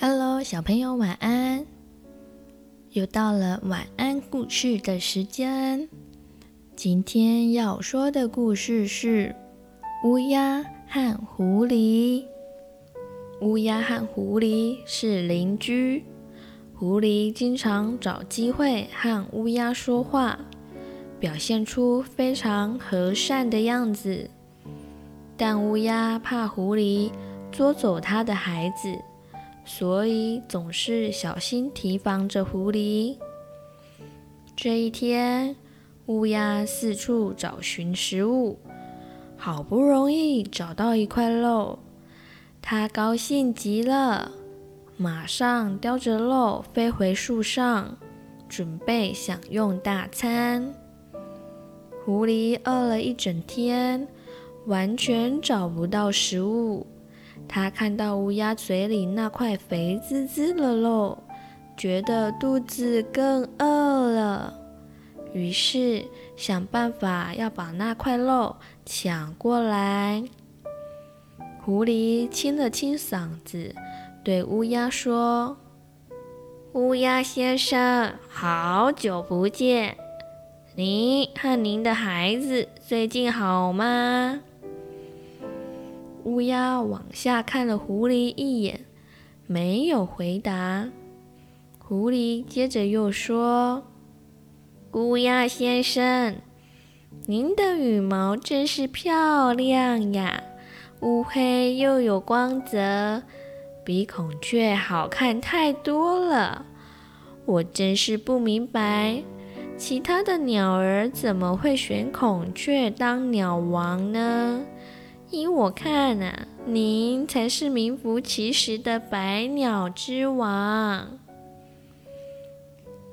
Hello，小朋友，晚安！又到了晚安故事的時間。今天要說的故事是《烏鴉和狐狸》。烏鴉和狐狸是鄰居，狐狸經常找機會和烏鴉說話，表現出非常和善的樣子。但烏鴉怕狐狸捉走它的孩子。所以總是小心提防着狐狸。這一天，烏鴉四處找尋食物，好不容易找到一塊肉，它高興極了，馬上叼着肉飛回樹上，準備享用大餐。狐狸餓了一整天，完全找不到食物。他看到烏鴉嘴裡那塊肥滋滋的肉，覺得肚子更餓了，於是想辦法要把那塊肉搶過來。狐狸清了清嗓子，對烏鴉說：“烏鴉先生，好久不見，您和您的孩子最近好嗎？”烏鴉往下看了狐狸一眼，沒有回答。狐狸接着又說：“烏鴉先生，您的羽毛真是漂亮呀，烏黑又有光澤，比孔雀好看太多了。我真是不明白，其他的鳥兒怎麼會選孔雀當鳥王呢？”依我看呢，您才是名副其實的百鳥之王。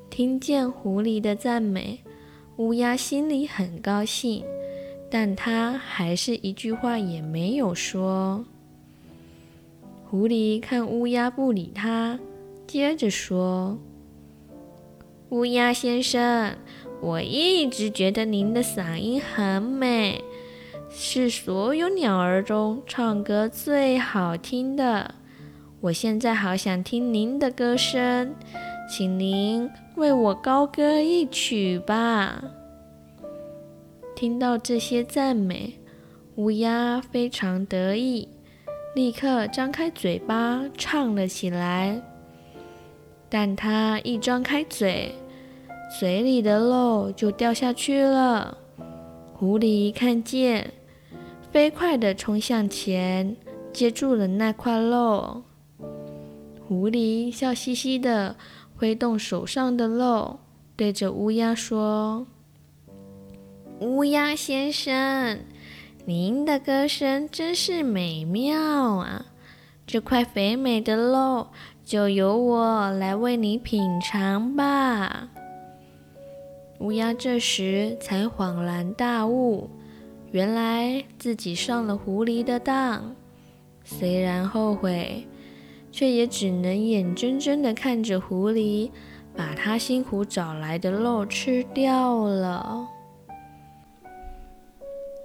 聽見狐狸的讚美，烏鴉心裡很高興，但它還是一句話也沒有說。狐狸看烏鴉不理它，接着說：“烏鴉先生，我一直覺得您的嗓音很美。”是所有鳥兒中唱歌最好聽的。我現在好想聽您的歌聲，請您為我高歌一曲吧。聽到這些讚美，烏鴉非常得意，立刻張開嘴巴唱了起來。但它一張開嘴，嘴裡的肉就掉下去了。狐狸一看見，飛快地衝向前，接住了那塊肉。狐狸笑嘻嘻地揮動手上的肉，對着烏鴉說：“烏鴉先生，您的歌聲真是美妙啊！這塊肥美的肉就由我來為你品嘗吧。”烏鴉這時才恍然大悟。原來自己上了狐狸的當，雖然後悔，卻也只能眼睜睜地看着狐狸把他辛苦找來的肉吃掉了。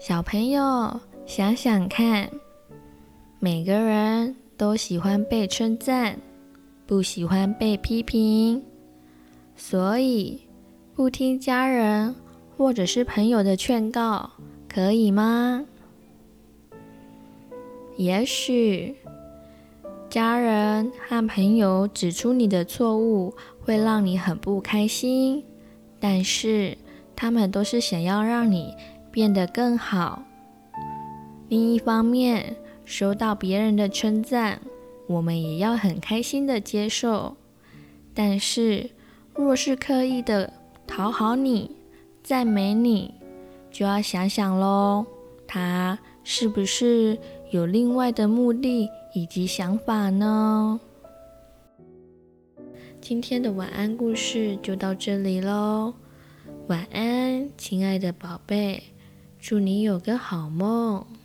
小朋友，想想看，每個人都喜歡被稱讚，不喜歡被批評，所以不聽家人或者是朋友的勸告。可以嗎？也許家人和朋友指出你的錯誤，會讓你很不開心，但是他們都是想要讓你變得更好。另一方面，收到別人的稱讚，我們也要很開心的接受。但是，若是刻意的討好你、讚美你，就要想想嘍，他是不是有另外的目的以及想法呢？今天的晚安故事就到這裡嘍。晚安，親愛的寶貝，祝你有個好夢。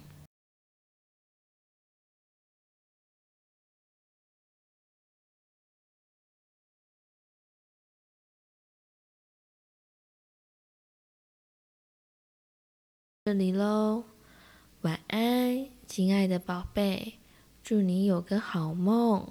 這裡嘍，晚安，親愛的寶貝，祝你有個好夢。